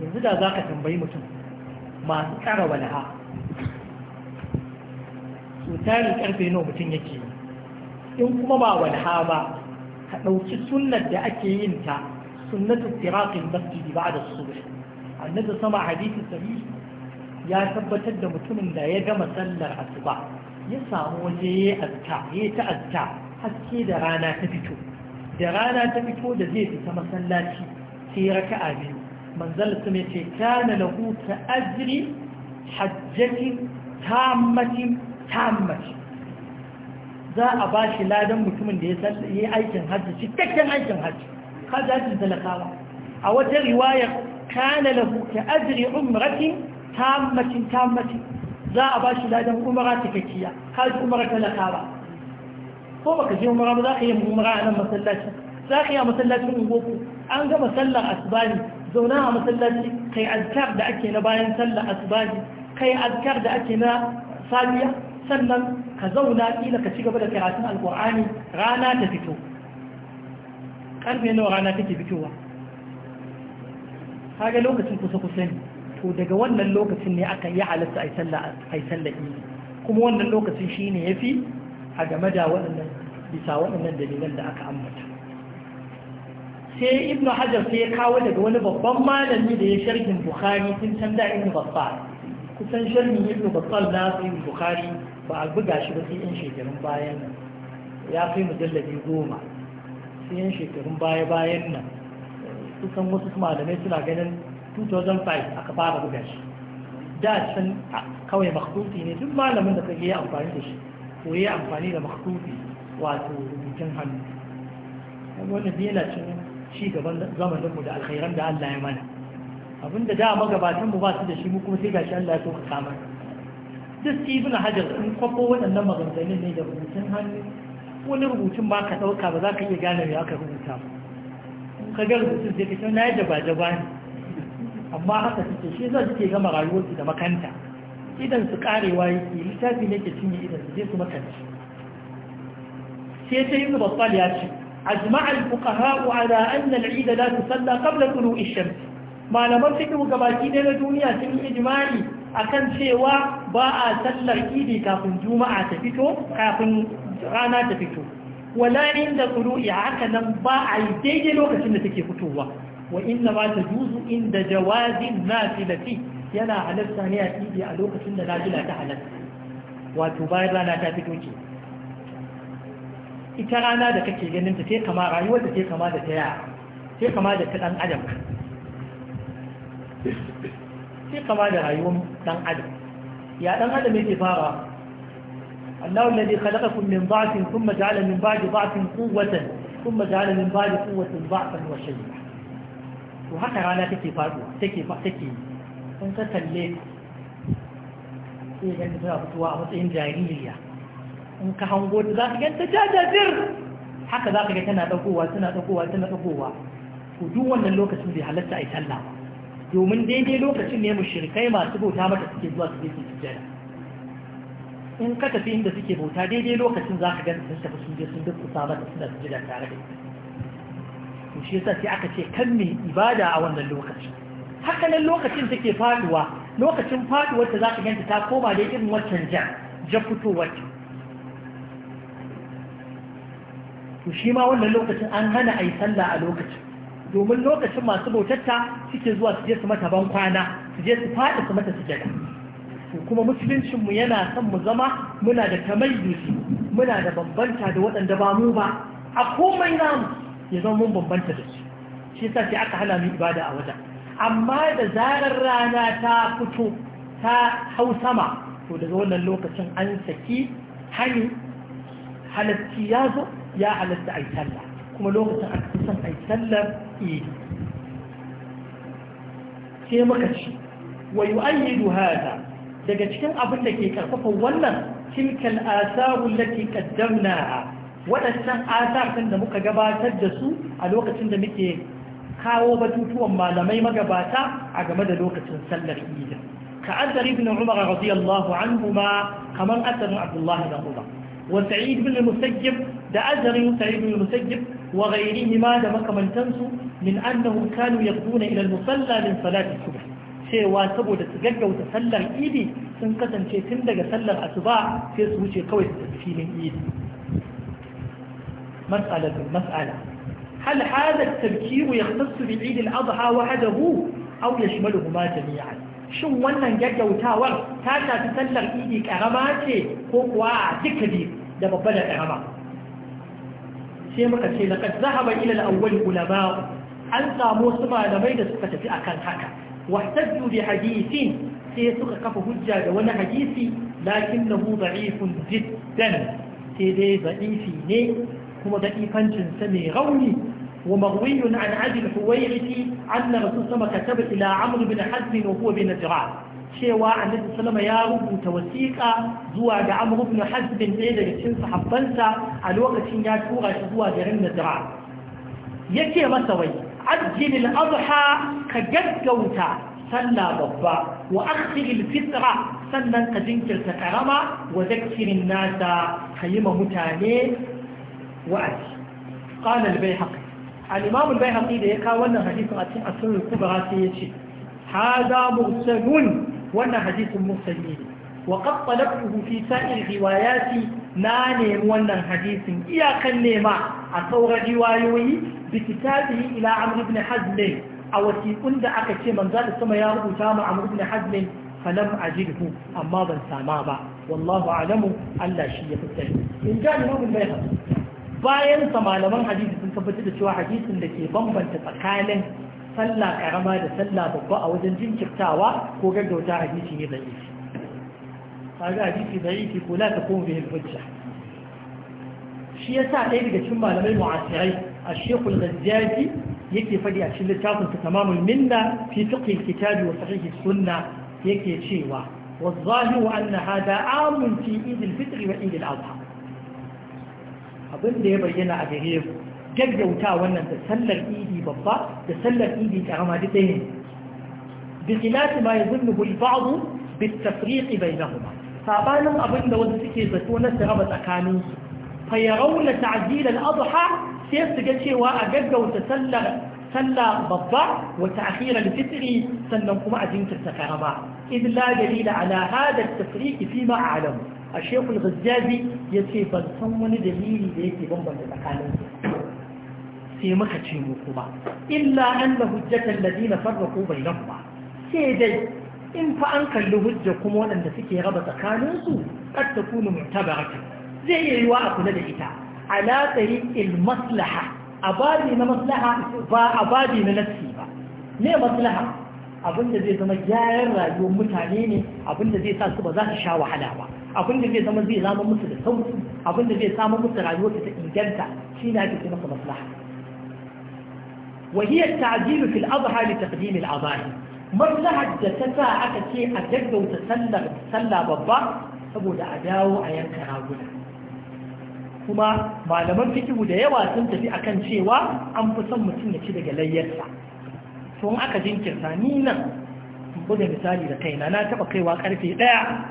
يزيد ذاك تنبيه ما تكر ولها misali karfe nawa mutum yake yi in kuma ba walha ba ka ɗauki sunnar da ake yin ta sunnatu tiraqin masjidi ba da subh annabi sama hadisi sahihi ya tabbatar da mutumin da ya gama sallar asuba ya samu waje ya azka ya ta azka haske da rana ta fito da rana ta fito da zai fita masallaci sai raka'a biyu manzal sun ce kana lahu ta ajri hajjatin tammatin tammaci za a ba shi ladan mutumin da ya yi aikin hajji cikakken aikin hajji hajji hajjin talakawa a wata riwayar kana lahu ka ajri umratin tammacin tammacin za a ba shi ladan umara cikakkiya hajji umara talakawa ko baka je umara za ka yi umara a nan masallaci za ka yi a masallacin ungoku an gama sallar asibani zauna a masallaci kai azkar da ake na bayan sallar asibani kai azkar da ake na safiya sannan ka zauna kila ka ci gaba da karatun alkur'ani rana ta fito karfe nawa rana take fitowa kaga lokacin kusa kusa ne to daga wannan lokacin ne aka yi halatta a yi sallah kuma wannan lokacin shi ne ya fi a game da waɗannan bisa waɗannan dalilan da aka ambata sai ibnu hajar sai ya kawo daga wani babban malami da ya sharhin bukhari tun can da ibnu babba. kusan sharhin ibnu babbal na ibnu bukhari ba a buga shi ba sai yan shekarun bayan nan ya kai mujallabi goma sai yan shekarun baya bayan nan kusan wasu malamai suna ganin 2005 aka fara buga shi da can kawai makhdufi ne duk malamin da kake yi amfani da shi ko yi amfani da makhdufi wato rubutun hannu wanda biyu yana cin ci gaban zamaninmu da alkhairan da Allah ya mana abinda da magabatan mu ba su da shi mu kuma sai gashi Allah ya so ka kama duk ibn hajar sun kwafo waɗannan maganganun ne da rubutun hannu wani rubutun ba ka ɗauka ba za ka iya gane ya aka rubuta ba ka ga rubutun sai ka ce na yi jaba jaba ne amma haka suke shi za su ke gama rayuwarsu da makanta idan su karewa yake littafi ne ke cinye idan su je su makanci sai ta yi babbar ya ce أجمع الفقهاء على أن العيد لا تصلى قبل طلوع الشمس ما لم تكن قبل كده الدنيا تم إجماعي akan cewa ba a sallar idi kafin juma'a ta fito kafin rana ta fito wala inda ya haka nan ba a yi daidai lokacin da take fitowa wa inna ma tajuzu inda jawazin nafilati yana halarta ne a idi a lokacin da nafila ta halarta wato bayan rana ta fito ce ita rana da kake ganin ta sai kama rayuwar ta sai kama da ta yara sai kama da ta dan adam sai kama da rayuwar dan adam ya dan adam yake fara Allah alladhi khalaqakum min dha'fin thumma ja'ala min ba'di dha'fin quwwatan kuma ja'ala min ba'di quwwatin dha'fan wa shay'a to haka rana take faduwa take take kun ka kalle sai ga da fitowa a matsayin jaririya in ka hango ta za ka ganta jajajir haka za ka ga tana dagowa tana dagowa tana dagowa to duk wannan lokacin bai halatta a yi sallah ba domin daidai lokacin ne mushrikai masu bauta mata suke zuwa su su sujjada in ka tafi inda suke bauta daidai lokacin za ka ga sun tafi sun je sun dukkusa mata suna sujjada tare da ita shi yasa sai aka ce kan me ibada a wannan lokacin haka nan lokacin take faduwa lokacin faduwar ta za ka ganta ta koma da irin wancan ja ja fitowar ta to shi ma wannan lokacin an hana a yi sallah a lokacin domin lokacin masu bautatta suke zuwa su je su mata ban kwana su je su faɗi su mata sujada to kuma musuluncinmu mu yana son mu zama muna da tamayyuzi muna da bambanta da waɗanda ba mu ba a komai namu ya zama mun bambanta da su shi yasa sai aka hana mu ibada a wajen amma da zarar rana ta fito ta hau sama to daga wannan lokacin an saki hani halatti ya zo ya halatta a yi talla. kuma lokacin a fi son a yi sallar idi sai muka ci wa yi hada daga cikin abin da ke karfafa wannan tilkal asaru lati qaddamnaha waɗannan asarun da muka gabatar da su a lokacin da muke kawo batutuwan malamai magabata a game da lokacin sallar idi ka ibn umar radiyallahu anhu ma kamar asarin abdullahi da umar وسعيد بن المسيب ده أزري سعيد بن المسيب وغيرهما ده مكمن تنسو من أنهم كانوا يقضون إلى المصلى من صلاة الصبح شيء واسبو ده تججع وتسلغ إيدي سنكتا شيء تندق سلغ أتباع في سوشي قوي تسفيل إيدي مسألة مسألة هل هذا التبكير يختص بعيد الأضحى وحده أو يشملهما جميعا shin wannan gaggautawar ta shafi sallar idi karama ce ko kuwa a duka biyu da babba da karama sai muka ce na kan zahaba ila awwal ulama an samu su malamai da suka tafi akan haka wahtajju bi hadithin sai suka kafa hujja da wani hadisi lakinnahu da'ifun jiddan sai dai da'ifi ne kuma da'ifancin sa mai rauni ومروي عن عدي الحويرث أن رسول الله كتب إلى عمرو بن حزم وهو بنجران cewa annabi sallama ya rubuta wasiƙa zuwa da amru ibn hazm ɗaya daga cikin sahabbansa a lokacin ya tura shi zuwa garin najra yake masa wai ajjil al-adha ka gaggauta sallah babba wa akhir al-fitra sannan ka jinkirta karama wa zakirin nasa kayima mutane wa'azi qala al-bayhaqi al bai haƙi da ya kawo wannan hadisin a cikin as kubra sai ya ce haza mursalun wannan hadisin mursali ne wa qad talabtuhu fi riwaya na nemi wannan hadisin iyakan nema a sauran riwayoyi bi kitabihi ila amr ibn hazm a wasiqun da aka ce manzo da sama ya rubuta mu amr ibn hazm falam ajidhu amma ban sama ba wallahu a'lamu Allah shi ya fitar in ga ni mun bai bayan malaman hadisi sun tabbatar da cewa hadisin da ke bambanta tsakanin sallah karama da sallah babba a wajen jinkirtawa ko gaggauta hadisi ne da'ifi kaga hadisi da'ifi ko la takun bihi hujja shi yasa ɗaya daga cikin malamai mu'asirai a shekul gazzaji yake fadi a cikin littafin sa tamamul minna fi fiqh kitabi wa sahih sunna yake cewa والظاهر wa هذا عام في عيد الفطر وعيد الأضحى abin da ya bayyana a gare ku gaggauta wannan da sallar idi babba da sallar idi karama duk ɗaya bi khilafi ma yazunnu al ba'd bi tafriq bainahuma sabanin abin da wasu suke zato na su raba tsakanin su fa yarawna ta'jil al adha sai su ga cewa a gaggauta sallar sallah babba wa ta'khir al sannan kuma a jinkirta karama idan la dalila ala hada al tafriq fi ma a'lamu a shekul gajjabi ya ce ban san wani dalili da yake bambanta tsakanin sai muka ce mu kuma illa an da hujjatar ladina farrako bai nan ba sai dai in fa an kalli hujja kuma waɗanda suke raba tsakaninsu kar ta kunu mutabaratin zai iya yiwa a kula da ita ala tariqil maslaha abadi na maslaha ba abadi na nafsi ba me maslaha abinda zai zama gyaran rayuwar mutane ne abinda zai sa su ba za su sha wahala ba abin da zai zama zai zama musu da sauki abin da zai samu musu rayuwar ta inganta shi ne ake masa maslaha وهي التعجيل في الأضحى لتقديم الأضاحي مصلحة جسسة أكتي أجد وتسلى تسلى بابا سبود أداو أيام كراغنا كما ما لم تكتب دا يوا سنت في أكن شيوا أم فسم متن كده جليسا سون أكا جنكر ثانينا بدا مثالي لكينا أنا تبقى كيوا كارفي لا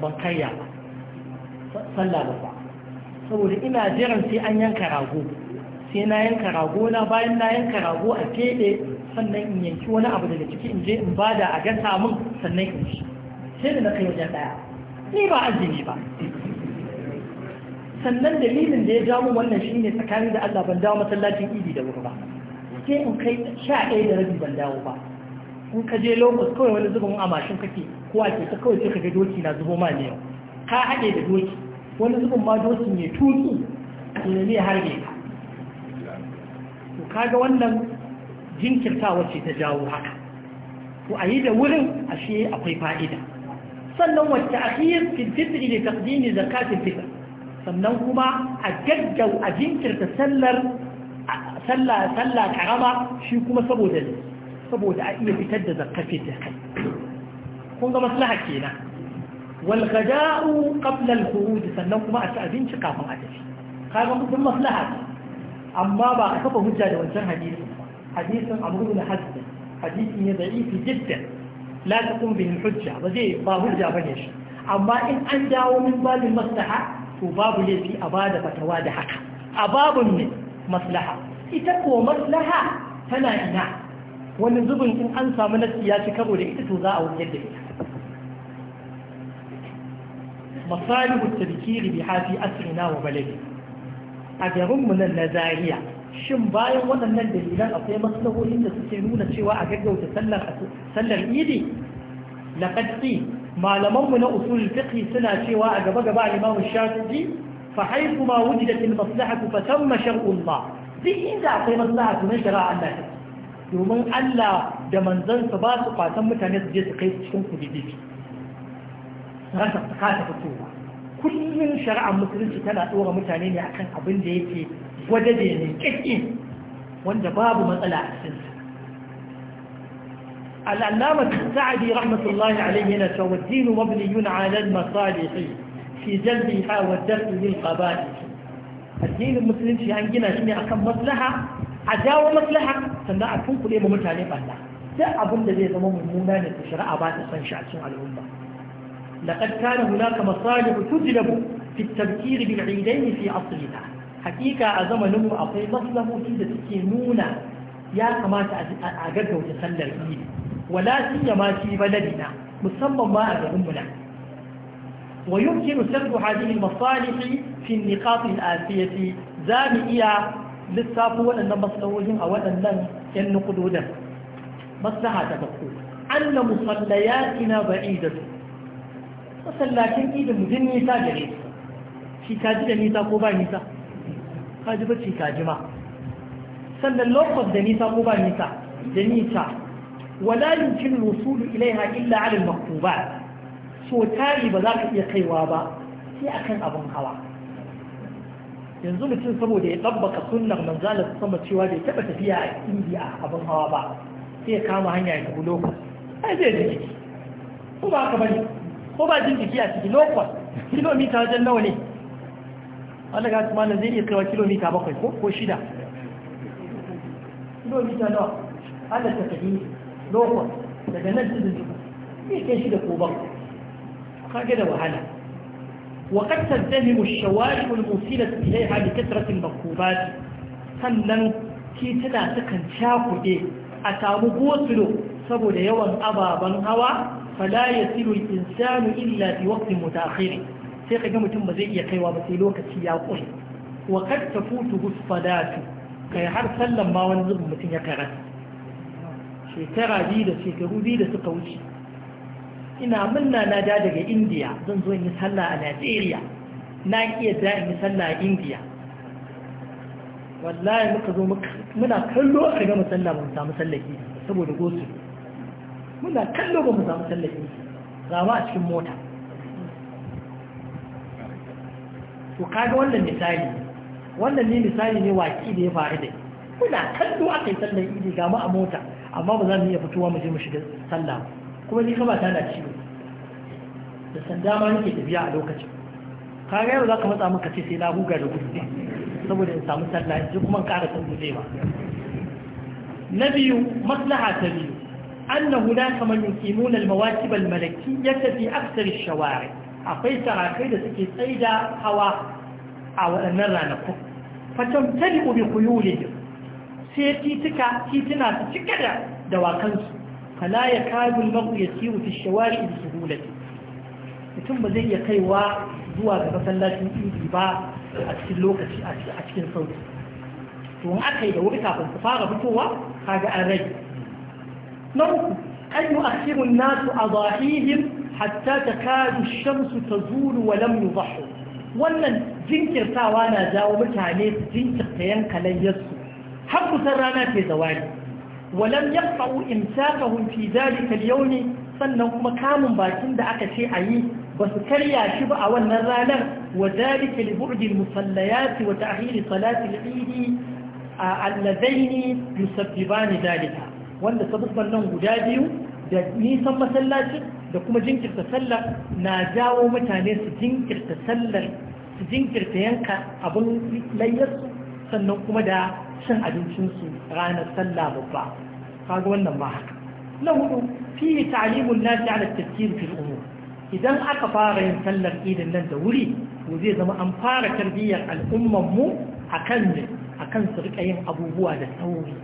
ban karya ba sallah ba saboda ina jiran sai an yanka rago sai na yanka rago na bayan na yanka rago a keɓe sannan in yanki wani abu daga ciki in je in bada a gasa min sannan in ci sai da na kai wajen ɗaya ni ba azumi ba sannan dalilin da ya jamu wannan shi ne tsakanin da Allah ban dawo masallacin idi da wuri ba sai in kai sha ɗaya da rabi ban dawo ba in ka je lokacin kawai wani zubin a mashin kake ko a ta kawai sai kaga doki na zubo ma ne ka haɗe da doki wani zubin ma doki ne tutsu ne ne harbe ka to kaga wannan jinkirtawa ce ta jawo haka to a yi da wurin ashe akwai fa'ida sannan wacce a akhir fil fitri li taqdim zakatil fitr sannan kuma a gaggau a jinkirta sallar sallah sallah karama shi kuma saboda ne, saboda a iya fitar da zakafin da kun ga maslaha kenan wal ghada'u qabla al khuruj sannan kuma a ci abinci kafin a tafi kaga mutum maslaha amma ba a kafa hujja da wancan hadisi hadisin amru bin hasan hadisi ne da'ifi jiddan la taqum bihi hujja ba zai ba hujja bane shi amma in an dawo min babin maslaha to babu laifi a bada fatawa da haka a babun ne maslaha ita ko maslaha tana ina wani zubin in an samu nasi ya ci karo da ita to za a wuyar da ita masalihu tadkiri bi hafi asrina wa baladi a garin mu nan na Zariya, shin bayan waɗannan dalilan akwai maslahohin da suke nuna cewa a gaggauta sallar sallar idi laqad qi mu na usul fiqh suna cewa a gaba gaba Imam Shafi'i fa haythu ma wujidat al maslahatu fa thamma shar'u Allah duk inda akwai maslaha to shari'a Allah ta domin Allah da manzansa ba su fatan mutane su je su kai cikin kudiddifi rasa ta kasa fitowa kullum shari'ar musulunci tana ɗora mutane ne akan abin da yake gwada da ne ƙaƙƙi wanda babu matsala a cikinsa al'allama sa'adi rahmatullahi alaihi yana cewa dinu mabniyun ala al-masalihi fi jalbiha wa dafi'il qaba'ih addinin musulunci an gina shi ne akan maslaha a jawo maslaha sannan a tunkule ma mutane balla sai abin da zai zama mummuna ne ku shari'a ba ta san shi a cikin al'umma laqad kana hunaka masalih tujlabu fi at-tabkir bil 'idayn fi aslina hakika a zamanin mu akwai maslahoci da suke nuna ya kamata a gaggauta sallar idi wala siyama fi baladina musamman ma a garin mu na ويمكن سرد هذه المصالح في النقاط الآتية iya. lissafi waɗannan maslahohin a waɗannan ‘yan nukudodan maslaha ta farko an na musallayatina ba'idatu masallacin idin mutum nisa gare su shi kaji da nisa ko ba nisa kaji ba shi kaji ma sannan lokacin da nisa ko ba nisa da nisa wala cin wusulu ilaiha illa ala al-maktubat so tari ba za ka iya kaiwa ba sai akan abin hawa yanzu mutum saboda ya tabbaka sunan manzala su sama cewa bai taɓa tafiya a indiya abin hawa ba sai ya kama hanya ya tafi lokal ai zai jiki ko ba haka bane ko ba jin jiki a ciki lokal kilomita wajen nawa ne wanda ga su malam zai iya kaiwa kilomita bakwai ko shida kilomita nawa an da tafi lokal daga nan tudun zai kai shi da ko ka ga da wahala وقد تلتهم الشوارع الموصلة إليها لكثرة المركوبات sannan tituna sukan kuɗe a samu gosulo saboda yawan ababen hawa fala ya silu insanu illa bi waqtin mutakhir sai ga mutum ba zai iya kaiwa ba sai lokaci ya ƙure wa kad tafutu husfadatu kai har sallan ma wani zubin mutum ya karanta shekaru biyu da suka wuce ina munna na da daga indiya zan zo in yi sallah a najeriya na iya da in yi sallah a indiya wallahi muka zo muna kallo a ga musalla ba mu samu sallaki saboda gosu muna kallo ba mu samu sallaki rama a cikin mota to kaga wannan misali wannan ne misali ne waki da ya faru da muna kallo aka yi sallar idi ga mu a mota amma ba za mu iya fitowa mu je mu shiga sallah ba kuma ni kaba tana ciwo da sanda ma nake tafiya a lokacin kaga yau za ka matsa maka ce sai na huga da gudu saboda in samu sallah in kuma in ƙara san guje ba na biyu maslaha ta biyu annahu la kaman yuqimuna al-mawatib al-malakiyyah fi akthar shawari akwai sarakai da suke tsaida hawa a waɗannan ranakun fatan tali ubi kuyulihim sai titika titina su cika da dawakansu fala ya kadu al-mar'u yasiru shawari mutum ba zai iya kaiwa zuwa ga masallacin idi ba a cikin lokaci a cikin to in aka yi da wuri kafin su fara fitowa kaga an rai. na uku an yi asirin nasu a zahihim hatta ta kadu shamsu ta zuru wa lam yuzahu wannan jinkirtawa na jawo mutane su jinkirta yanka layyarsu har kusan rana ke zawani. walam yaqau imsakahum fi dhalika al-yawm sannan kuma kamun bakin da aka ce ayi ba su karya shi ba a wannan ranar wa dhalika li bu'di al-musallayat wa ta'khir salati al-eid alladaini yusabbibani dhalika wanda sababban guda biyu da nisan masallaci da kuma jinkirta sallar na jawo mutane su jinkirta sallar su jinkirta yanka abin layyarsu sannan kuma da cin abincinsu ranar sallah babba kaga wannan ba haka na hudu fi ta'limun nasi ala tafkir fil umur idan aka fara yin sallar idin nan da wuri to zai zama an fara tarbiyyar al'umman mu akan ne akan su rika yin abubuwa da sauri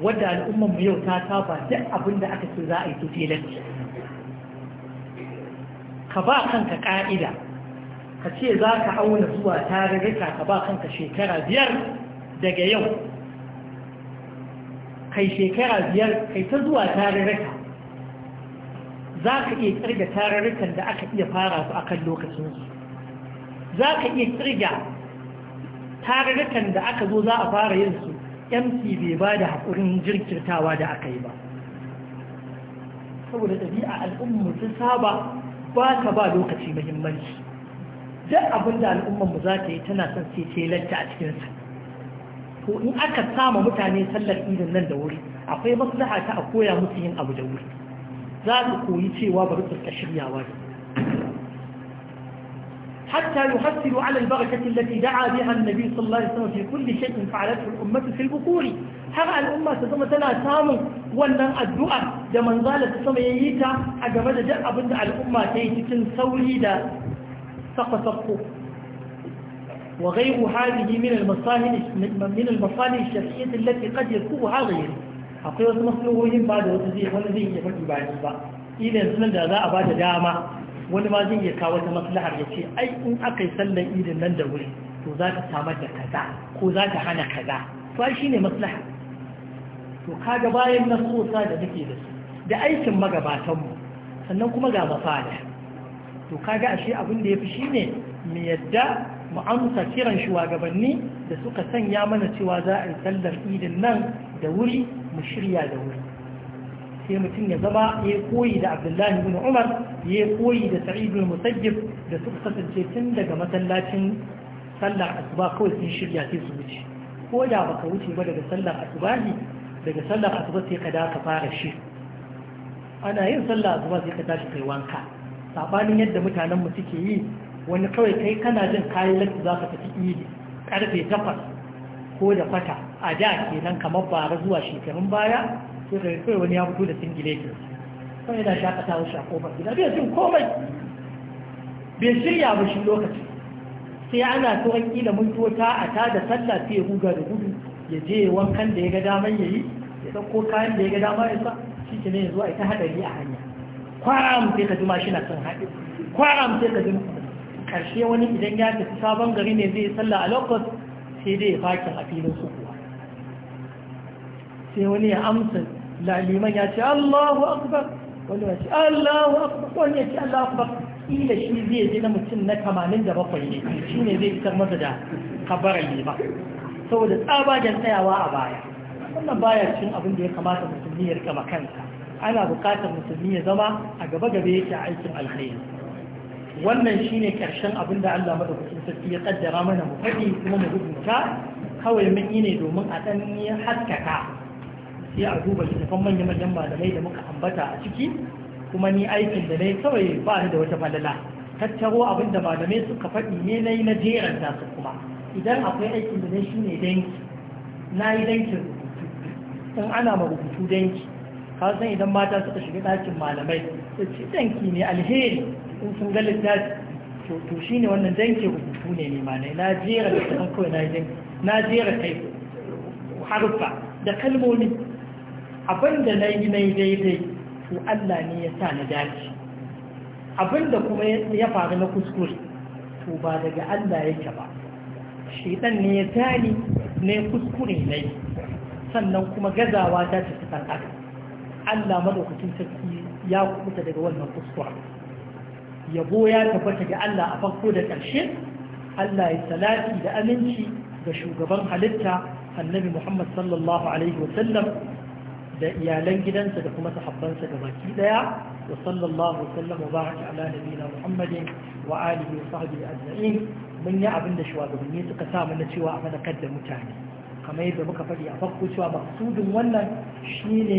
wadda al'umman mu yau ta saba duk abin da aka ce za a yi to ka ba kanka ka'ida ka ce za ka auna zuwa tarurruka ka ba kanka shekara biyar daga yau kai shekara biyar kai ta zuwa tarurruka za ka iya kirga tarurrukan da aka iya fara su a kan lokacinsu za ka iya kirga tarurrukan da aka zo za a fara yin su mc bai ba da haƙurin jirkirtawa da aka yi ba saboda ɗabi'a al'ummu sun saba ba ka ba lokaci muhimmanci duk abin da mu za ta yi tana son sai ce a cikinsa ko in aka sama mutane sallar idin nan da wuri akwai maslaha ta a koya musu yin abu da wuri za su koyi cewa bari su ta shiryawa da hatta yuhassilu ala albarakati allati da'a biha annabi sallallahu alaihi wasallam fi kulli shay'in fa'alathu al-ummatu fi al har al'umma ta zama tana samun wannan addu'a da manzala ta sama yayi ta a game da duk abin da al'umma ta yi cikin sauri da sakwa وغير هذه من المصالح من المصالح الشرعية التي قد يذكرها غيره akwai wasu maslohohin ba da wasu zai wani zai iya faɗi bayan ba ila yanzu da za a ba da dama wani ma zai iya kawo wata maslahar ya ai in aka yi sallar idin nan da wuri to za samar da kaza ko za hana kaza bayan na sosa da muke da su da aikin magabatanmu sannan kuma ga mafada to kaga ashe abin da ya fi shine mu yadda mu amsa kiran shugabanni da suka sanya mana cewa za a yi sallar idin nan da wuri mu shirya da wuri sai mutum ya zama ya koyi da abdullahi bin umar ya koyi da sa'id bin musajjib da suka kasance tun daga masallacin sallar asuba kawai sun shirya sai su wuce ko da baka wuce ba daga sallar asuba ne daga sallar asuba sai ka da ka fara shi ana yin sallar asuba sai ka tashi kai wanka sabanin yadda mutanenmu suke yi wani kawai kai kana jin kayan latti za ka tafi ili karfe takwas ko da kwata a da ke nan kamar bara zuwa shekarun baya sai ka kai wani ya fito da singileti kuma yana shakata shi a kofar gida bai jin komai bai shirya ba shi lokaci sai ana tuwon kila mintuwa a ta da sallah sai ya da gudu ya je wankan da ya ga daman ya yi ya ɗauko kayan da ya ga daman ya sa shi ke ne zuwa ita haɗari a hanya kwaram sai ka ji na son haɗe kwaram sai ka ji Karshe wani idan ya tafi sabon gari ne zai salla a lokos sai dai ya fakin a filin su kuwa sai wani ya amsa laliman ya ce allahu akbar wani ya ce allahu akbar wani ya ce allahu akbar kila shi zai je na mutum na kamanin da bakwai ne shi ne zai isar masa da kabarar lima saboda tsabagen tsayawa a baya wannan baya cin abin da ya kamata musulmi ya rika makansa ana bukatar musulmi ya zama a gaba gaba yake aikin alkhairi wannan shine ƙarshen abin da Allah madaukakin sarki ya kaddara mana mu faɗi kuma mu rubuta kawai mun yi ne domin a ɗan haskaka sai a duba littafan manyan manyan malamai da muka ambata a ciki kuma ni aikin da yi kawai ba ni da wata falala tattaro abin da malamai suka faɗi ne na yi na jeran su kuma idan akwai aikin da shi shine danki na yi dankin rubutu in ana ma rubutu danki ka san idan mata suka shiga ɗakin malamai su ci danki ne alheri in sun ga littafi to shi ne wannan janke rubutu ne ne ma na jera da kasan kawai na janke na jera kai harufa da kalmomi abinda na yi na yi daidai to Allah ne ya sa na dace abinda kuma ya faru na kuskure to ba daga Allah yake ba shaitan ne ya tani ne kuskure ne sannan kuma gazawa ta ce ta Allah madaukakin sarki ya kuɓuta daga wannan kuskure yabo ya tabbata ga Allah a farko da ƙarshe Allah ya salati da aminci ga shugaban halitta annabi Muhammad sallallahu alaihi wasallam da iyalan gidansa da kuma sahabbansa ga baki daya wa sallallahu wasallam wa baraka ala nabiyina Muhammadin wa alihi wa sahbihi ajma'in mun yi abin da shugabanni suka sa mana cewa a fadakar da mutane kamar yadda muka faɗi a farko cewa maksudin wannan shine